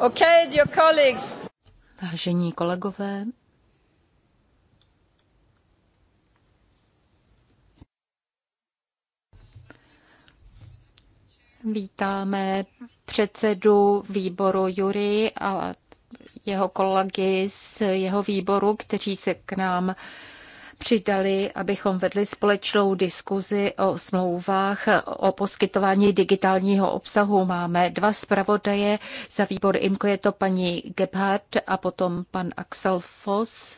Okay, dear colleagues. Vážení kolegové, vítáme předsedu výboru Jury a jeho kolegy z jeho výboru, kteří se k nám přidali, abychom vedli společnou diskuzi o smlouvách o poskytování digitálního obsahu. Máme dva zpravodaje, za výbor IMKO je to paní Gebhardt a potom pan Axel Foss.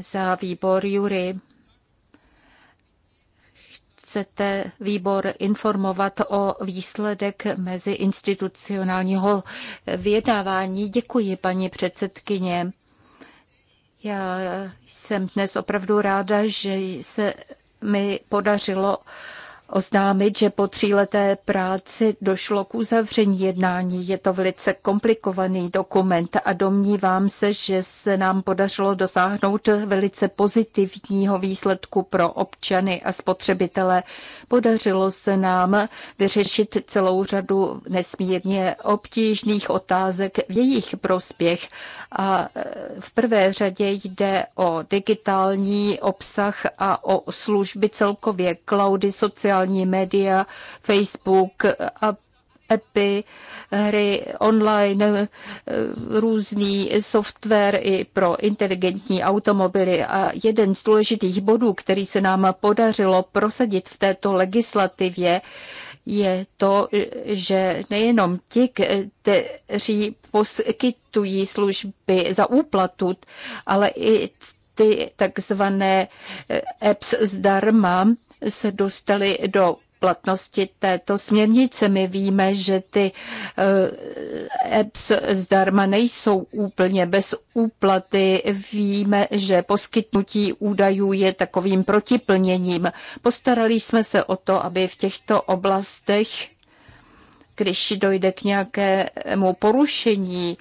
Za výbor Jury chcete výbor informovat o výsledek mezi institucionálního vyjednávání. Děkuji, paní předsedkyně. Já jsem dnes opravdu ráda, že se mi podařilo oznámit, že po tříleté práci došlo k uzavření jednání. Je to velice komplikovaný dokument a domnívám se, že se nám podařilo dosáhnout velice pozitivního výsledku pro občany a spotřebitele. Podařilo se nám vyřešit celou řadu nesmírně obtížných otázek v jejich prospěch a e, v prvé řadě jde o digitální obsah a o služby celkově cloudy sociální sociální média, Facebook, appy, hry online, eh, různý software i pro inteligentní automobily. A jeden z důležitých bodů, který se nám podařilo prosadit v této legislativě, je to, že nejenom ti, kteří poskytují služby za úplatu, ale i ty takzvané eh, apps zdarma se dostaly do platnosti této směrnice. My víme, že ty apps eh, zdarma nejsou úplně bez úplaty. Víme, že poskytnutí údajů je takovým protiplněním. Postarali jsme se o to, aby v těchto oblastech když dojde k nějakému porušení,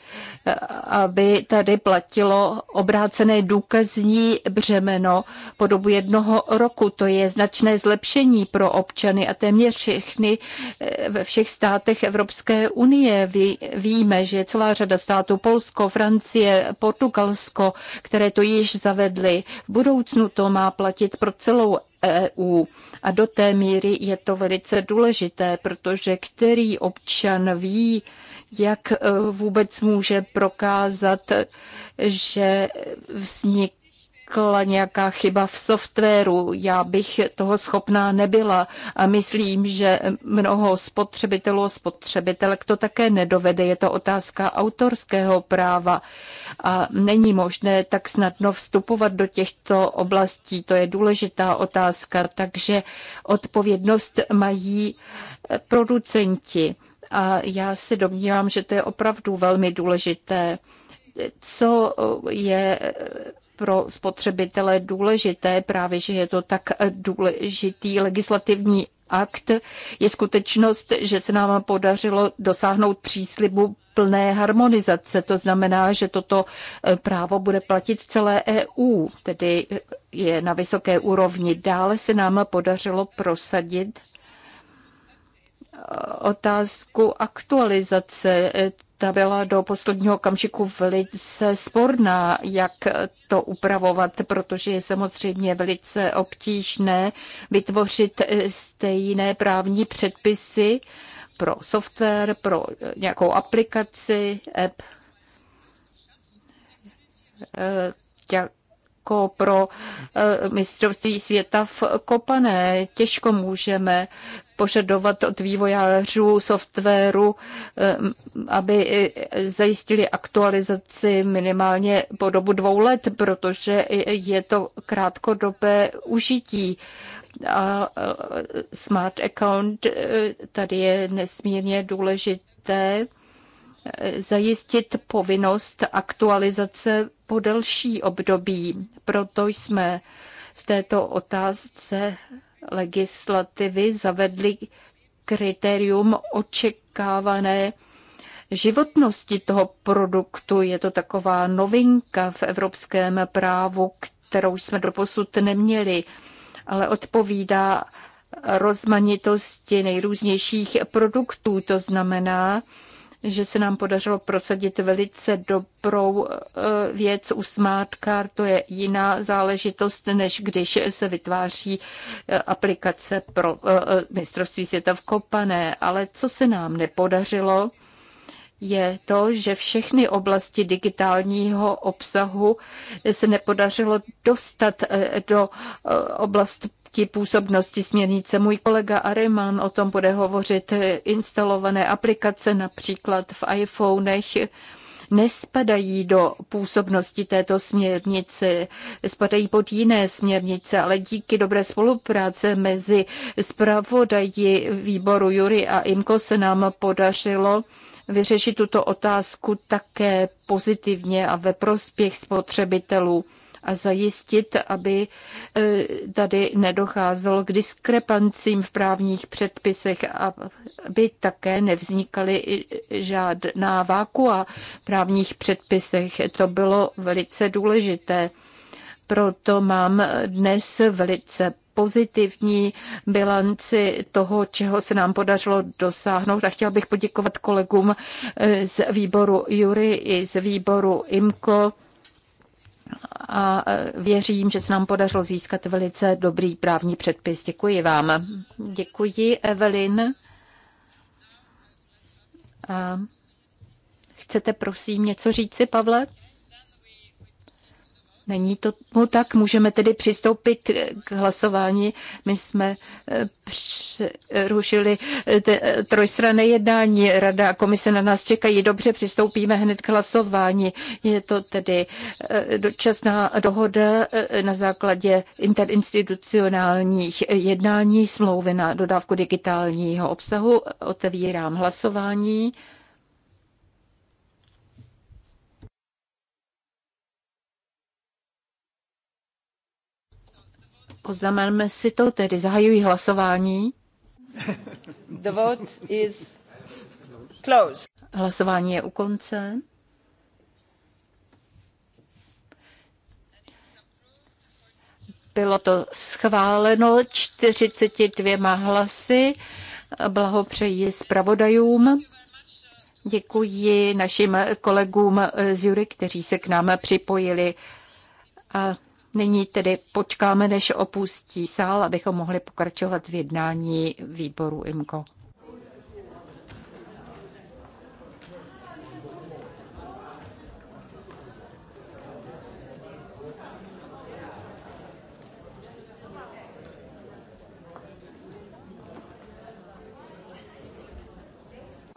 aby tady platilo obrácené důkazní břemeno po dobu jednoho roku. To je značné zlepšení pro občany a téměř všechny eh, ve všech státech Evropské unie. víme, že je celá řada států, Polsko, Francie, Portugalsko, které to již zavedly. V budoucnu to má platit pro celou EU. A do té míry je to velice důležité, protože který občan ví, jak eh, vůbec může prokázat, že vznik vznikla nějaká chyba v softwaru. Já bych toho schopná nebyla a myslím, že mnoho spotřebitelů a spotřebitelek to také nedovede. Je to otázka autorského práva a není možné tak snadno vstupovat do těchto oblastí. To je důležitá otázka, takže odpovědnost mají producenti. A já se domnívám, že to je opravdu velmi důležité co je pro spotřebitele důležité, právě že je to tak důležitý legislativní akt, je skutečnost, že se nám podařilo dosáhnout příslibu plné harmonizace. To znamená, že toto e, právo bude platit v celé EU, tedy je na vysoké úrovni. Dále se nám podařilo prosadit e, otázku aktualizace e, stavila do posledního okamžiku velice sporná, jak to upravovat, protože je samozřejmě velice obtížné vytvořit stejné právní předpisy pro software, pro nějakou aplikaci, app, jak jako pro eh, mistrovství světa v Kopané. Těžko můžeme požadovat od vývojářů softwaru, eh, aby eh, zajistili aktualizaci minimálně po dobu dvou let, protože je to krátkodobé užití. A smart account tady je nesmírně důležité zajistit povinnost aktualizace po delší období. Proto jsme v této otázce legislativy zavedli kritérium očekávané životnosti toho produktu. Je to taková novinka v evropském právu, kterou jsme doposud neměli, ale odpovídá rozmanitosti nejrůznějších produktů. To znamená, že se nám podařilo prosadit velice dobrou eh, věc u smart To je jiná záležitost, než když se vytváří eh, aplikace pro eh, mistrovství světa v Kopané. Ale co se nám nepodařilo, je to, že všechny oblasti digitálního obsahu se nepodařilo dostat do oblast oblasti působnosti směrnice. Můj kolega Ariman o tom bude hovořit. Instalované aplikace například v iPhonech nespadají do působnosti této směrnice, spadají pod jiné směrnice, ale díky dobré spolupráce mezi zpravodaji výboru Jury a Imko se nám podařilo vyřešit tuto otázku také pozitivně a ve prospěch spotřebitelů a zajistit, aby e, tady nedocházelo k diskrepancím v právních předpisech, a aby také nevznikaly žádná vákua v právních předpisech. To bylo velice důležité. Proto mám dnes velice pozitivní bilanci toho, čeho se nám podařilo dosáhnout. A chtěl bych poděkovat kolegům e, z výboru Jury i z výboru Imko a e, věřím, že se nám podařilo získat velice dobrý právní předpis. Děkuji vám. Děkuji, Evelyn. A chcete prosím něco říci, Pavle? Není to no tak, můžeme tedy přistoupit k hlasování. My jsme eh, přerušili eh, eh, trojstranné jednání. Rada a komise na nás čekají. Dobře, přistoupíme hned k hlasování. Je to tedy dočasná dohoda na základě interinstitucionálních jednání smlouvy na dodávku digitálního obsahu. Otevírám hlasování. Oznamenme si to tedy. Zahajují hlasování. The vote is closed. Hlasování je u konce. Bylo to schváleno 42 hlasy. Blahopřeji zpravodajům. Děkuji našim kolegům z Jury, kteří se k nám připojili. A Nyní tedy počkáme, než opustí sál, abychom mohli pokračovat v jednání výboru IMCO.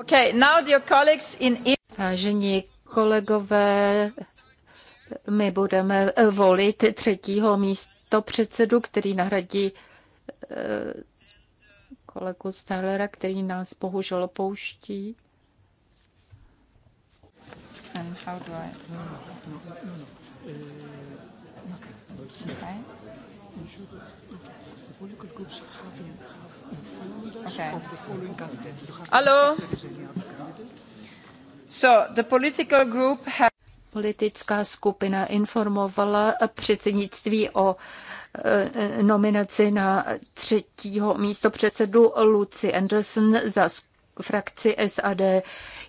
Okay, now, dear colleagues in... Vážení kolegové, my budeme eh, volit třetího místo předsedu, který nahradí eh, kolegu Stahlera, který nás bohužel opouští. And how do I... No, no, no, eh, okay. Okay. Hello. So the political group has politická skupina informovala předsednictví o e, nominaci na třetího místo předsedu Lucy Anderson za frakci SAD.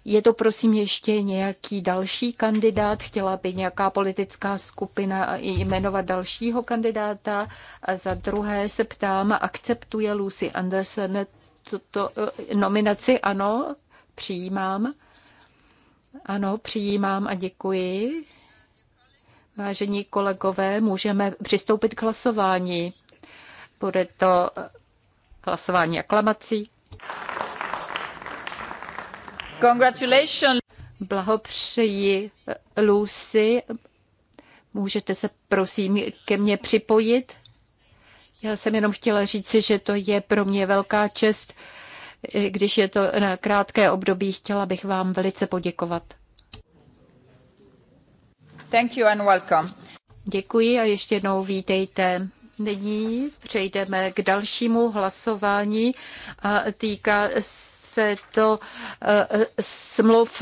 Je to prosím ještě nějaký další kandidát? Chtěla by nějaká politická skupina jmenovat dalšího kandidáta? A za druhé se ptám, akceptuje Lucy Anderson tuto e, nominaci? Ano, přijímám. Ano, přijímám a děkuji. Vážení kolegové, můžeme přistoupit k hlasování. Bude to hlasování aklamací. Congratulations. Blahopřeji Lucy. Můžete se prosím ke mně připojit? Já jsem jenom chtěla říci, že to je pro mě velká čest když je to na krátké období. Chtěla bych vám velice poděkovat. Thank you and welcome. Děkuji a ještě jednou vítejte. Nyní přejdeme k dalšímu hlasování a týká se to eh, smluv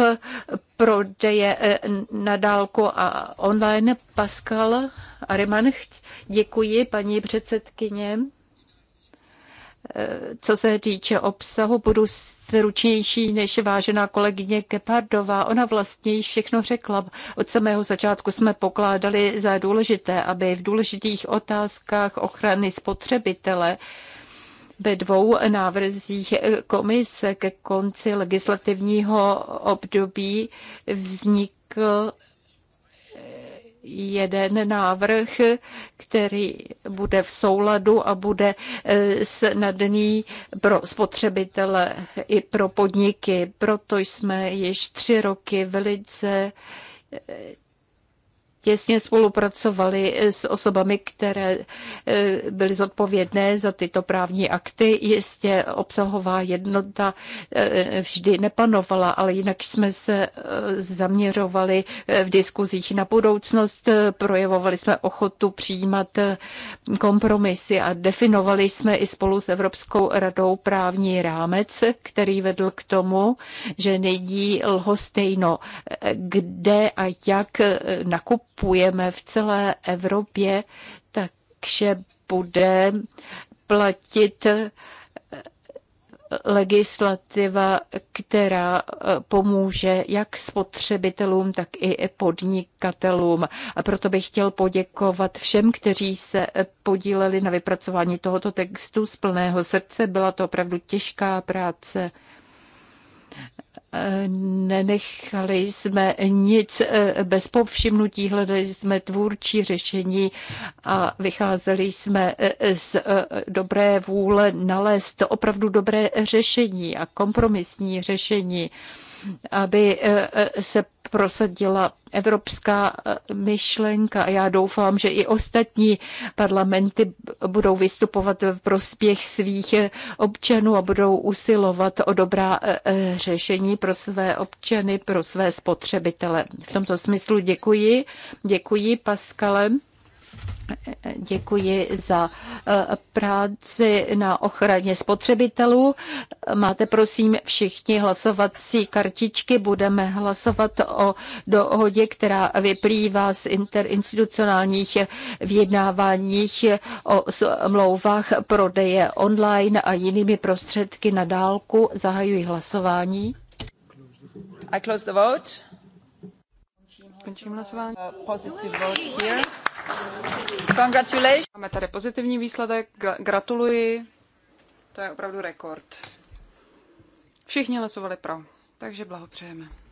prodeje eh, na dálku a online. Pascal Ariman, děkuji paní předsedkyně. Co se týče obsahu, budu stručnější než vážená kolegyně Kepardová. Ona vlastně již všechno řekla. Od samého začátku jsme pokládali za důležité, aby v důležitých otázkách ochrany spotřebitele ve dvou návrzích komise ke konci legislativního období vznikl jeden návrh, který bude v souladu a bude eh, snadný pro spotřebitele i pro podniky. Proto jsme již tři roky velice eh, těsně spolupracovali eh, s osobami, které eh, byly zodpovědné za tyto právní akty. Jistě obsahová jednota eh, vždy nepanovala, ale jinak jsme se zaměřovali v diskuzích na budoucnost, projevovali jsme ochotu přijímat kompromisy a definovali jsme i spolu s Evropskou radou právní rámec, který vedl k tomu, že nejdí lhostejno, kde a jak nakup kupujeme v celé Evropě, takže bude platit eh, legislativa, která eh, pomůže jak spotřebitelům, tak i podnikatelům. A proto bych chtěl poděkovat všem, kteří se eh, podíleli na vypracování tohoto textu z plného srdce. Byla to opravdu těžká práce Nenechali jsme nic eh, bez povšimnutí, hledali jsme tvůrčí řešení a vycházeli jsme eh, z eh, dobré vůle nalézt opravdu dobré řešení a kompromisní řešení, aby se prosadila evropská myšlenka a já doufám, že i ostatní parlamenty budou vystupovat v prospěch svých občanů a budou usilovat o dobrá řešení pro své občany, pro své spotřebitele. V tomto smyslu děkuji. Děkuji, Paskale. Děkuji za eh, práci na ochraně spotřebitelů. Máte prosím všichni hlasovací kartičky. Budeme hlasovat o dohodě, která vyplývá z interinstitucionálních vyjednáváních o smlouvách prodeje online a jinými prostředky na dálku. Zahajuji hlasování. I close the vote. Končím hlasování. Uh, Congratulations. Máme tady pozitivní výsledek. Gratuluji. To je opravdu rekord. Všichni hlasovali pro, takže blahopřejeme.